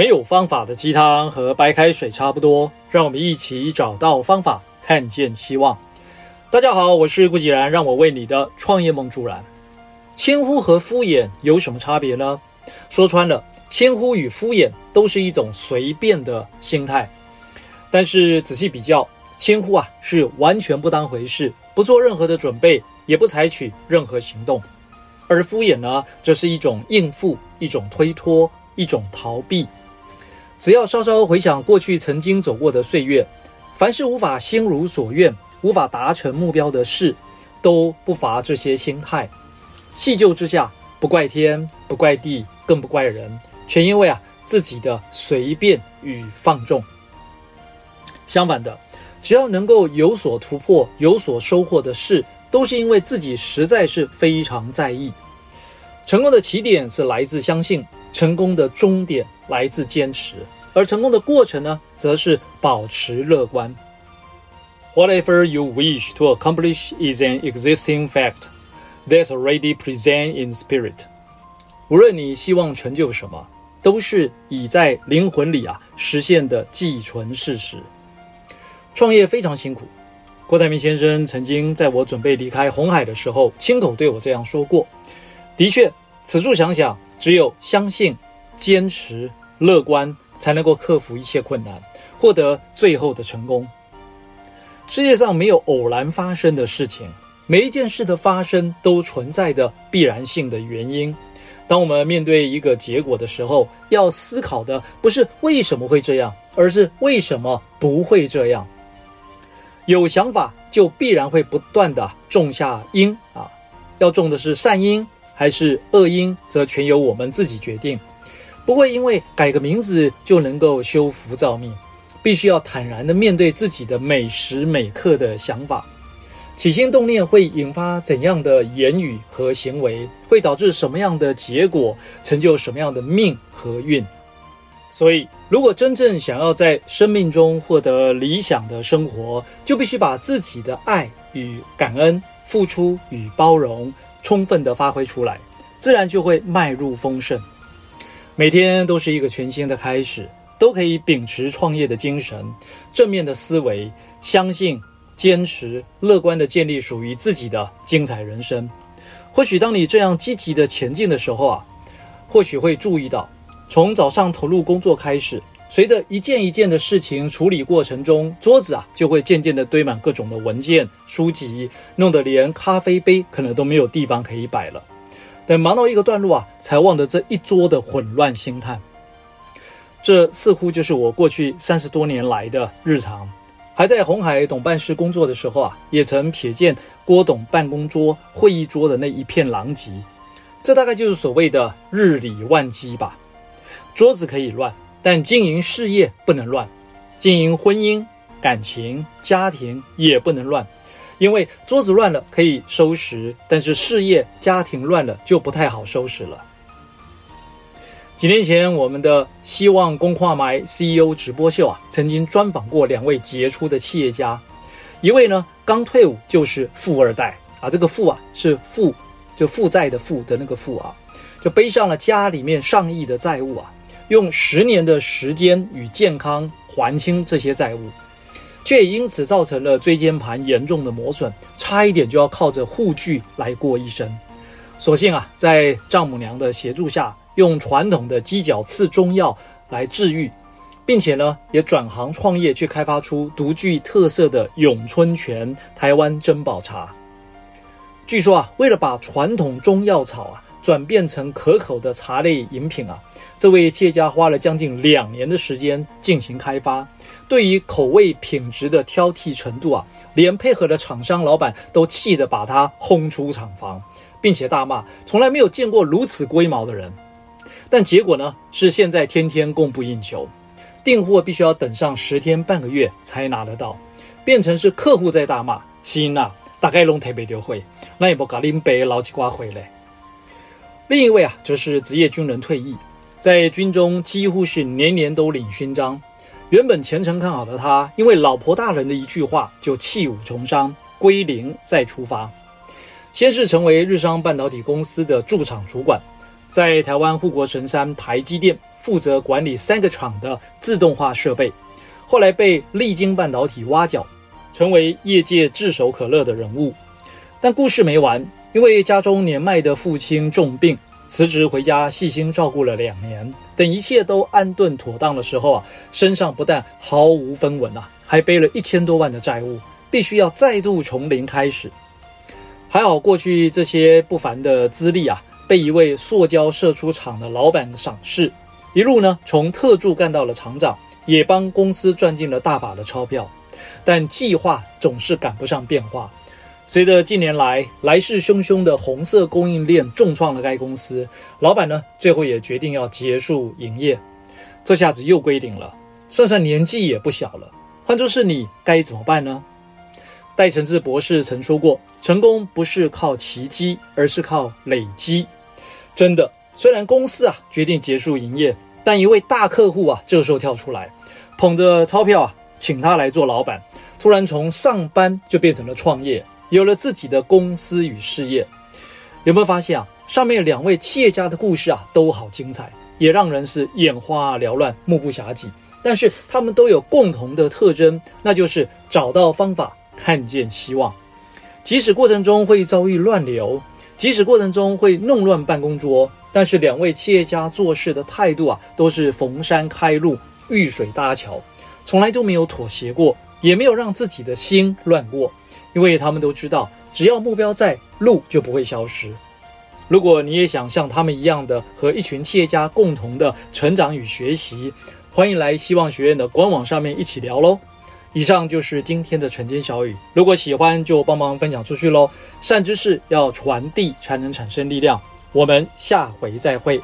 沒有方法的雞湯和白開水差不多，讓我們一起找到方法，看見希望。大家好，我是顧幾然，讓我為你的創業夢助燃。輕忽和敷衍有什麼差別呢？說穿了，輕忽與敷衍都是一種隨便的心態，但是仔細比較，輕忽啊是完全不當回事，不做任何的準備，也不採取任何行動；而敷衍呢，則是一種應付，一種推脫，一種逃避。只要稍稍回想過去曾經走過的歲月，凡是無法心如所願、無法達成目標的事，都不乏這些心態。細究之下，不怪天，不怪地，更不怪人，全因為啊自己的隨便與放縱。相反的，只要能夠有所突破、有所收穫的事，都是因為自己實在是非常在意。成功的起點是來自相信，成功的終點來自堅持。而成功的過程呢，則是保持樂觀。Whatever you wish to accomplish is an existing fact that's already present in spirit。無論你希望成就什麼，都是已在靈魂裡啊實現的既存事實。創業非常辛苦，郭台銘先生曾經在我準備離開鴻海的時候，親口對我這樣說過。的確，此處想想，只有相信、堅持、樂觀，才能夠克服一切困難，獲得最後的成功。世界上沒有偶然發生的事情，每一件事的發生都存在著必然性的原因。當我們面對一個結果的時候，要思考的不是為什麼會這樣，而是為什麼不會這樣。有想法就必然會不斷的種下因啊，要種的是善因還是惡因，則全由我們自己決定。不會因為改個名字就能夠修福造命，必須要坦然地面對自己的每時每刻的想法，起心動念會引發怎樣的言語和行為，會導致什麼樣的結果，成就什麼樣的命和運。所以，如果真正想要在生命中獲得理想的生活，就必須把自己的愛與感恩、付出與包容充分地發揮出來，自然就會邁入豐盛。每天都是一個全新的開始，都可以秉持創業的精神，正面的思維，相信、堅持、樂觀的建立屬於自己的精彩人生。或許當你這樣積極的前進的時候啊，或許會注意到，從早上投入工作開始，隨着一件一件的事情處理過程中，桌子啊就會漸漸的堆滿各種的文件、書籍，弄得連咖啡杯可能都沒有地方可以擺了。等忙到一個段落啊，才忘了這一桌的混亂心態。這似乎就是我過去三十多年來的日常。還在鴻海董辦事工作的時候啊，也曾瞥見郭董辦公桌、會議桌的那一片狼藉。這大概就是所謂的日理萬機吧。桌子可以亂，但經營事業不能亂，經營婚姻、感情、家庭也不能亂。因為桌子亂了可以收拾，但是事業家庭亂了就不太好收拾了。幾年前，我們的希望工畫埋 CEO 直播秀啊，曾經專訪過兩位傑出的企業家，一位呢剛退伍就是富二代啊，這個富啊是負，就負債的負的那個負啊，就背上了家裡面上億的債務啊，用十年的時間與健康還清這些債務。卻也因此造成了椎間盤嚴重的磨損，差一點就要靠着護具來過一生。所幸啊，在丈母娘的協助下，用傳統的雞角刺中藥來治癒，並且呢，也轉行創業，去開發出獨具特色的詠春拳、台灣珍寶茶。據說啊，為了把傳統中藥草啊，轉變成可口的茶類飲品啊！這位企業家花了將近兩年的時間進行開發，對於口味品質的挑剔程度啊，連配合的廠商老板都氣得把他轟出廠房，並且大罵：“從來沒有見過如此龜毛的人。”但結果呢，是現在天天供不應求，訂貨必須要等上十天半個月才拿得到，變成是客戶在大罵：“行娜、啊、大概龍特別着會，那也不搞拎白老幾掛會嘞。”另一位啊，則是職業軍人退役，在軍中幾乎是年年都領勳章。原本前程看好的他，因為老婆大人的一句話，就棄武從商，歸零再出發。先是成為日商半導體公司的駐廠主管，在台灣護國神山台積電負責管理三個廠的自動化設備，後來被力晶半導體挖角，成為業界炙手可熱的人物。但故事沒完。因為家中年邁的父親重病，辭職回家細心照顧了兩年。等一切都安頓妥當的時候啊，身上不但毫無分文啊，還背了一千多萬的債務，必須要再度從零開始。還好，過去這些不凡的資歷啊，被一位塑膠射出廠的老板賞識，一路呢從特助幹到了廠長，也幫公司賺進了大把的鈔票。但計劃總是趕不上變化。隨着近年來來勢洶洶的紅色供應鏈重創了該公司，老闆呢最後也決定要結束營業，這下子又歸零了，算算年紀也不小了。換作是你，該怎麼辦呢？戴晨志博士曾說過，成功不是靠奇蹟，而是靠累積。真的，雖然公司啊決定結束營業，但一位大客戶啊這個時候跳出來，捧着鈔票啊請他來做老闆，突然從上班就變成了創業。有了自己的公司與事業，有沒有發現啊？上面兩位企業家的故事啊，都好精彩，也讓人是眼花繚亂、目不暇接。但是他們都有共同的特徵，那就是找到方法、看見希望。即使過程中會遭遇亂流，即使過程中會弄亂辦公桌，但是兩位企業家做事的態度啊，都是逢山開路、遇水搭橋，從來都沒有妥協過，也沒有讓自己的心亂過。因為他們都知道，只要目標在，路就不會消失。如果你也想像他們一樣的和一群企業家共同的成長與學習，歡迎來希望學院的官網上面一起聊嘍。以上就是今天的晨間小語，如果喜歡就幫忙分享出去嘍。善知識要傳遞才能產生力量。我們下回再會。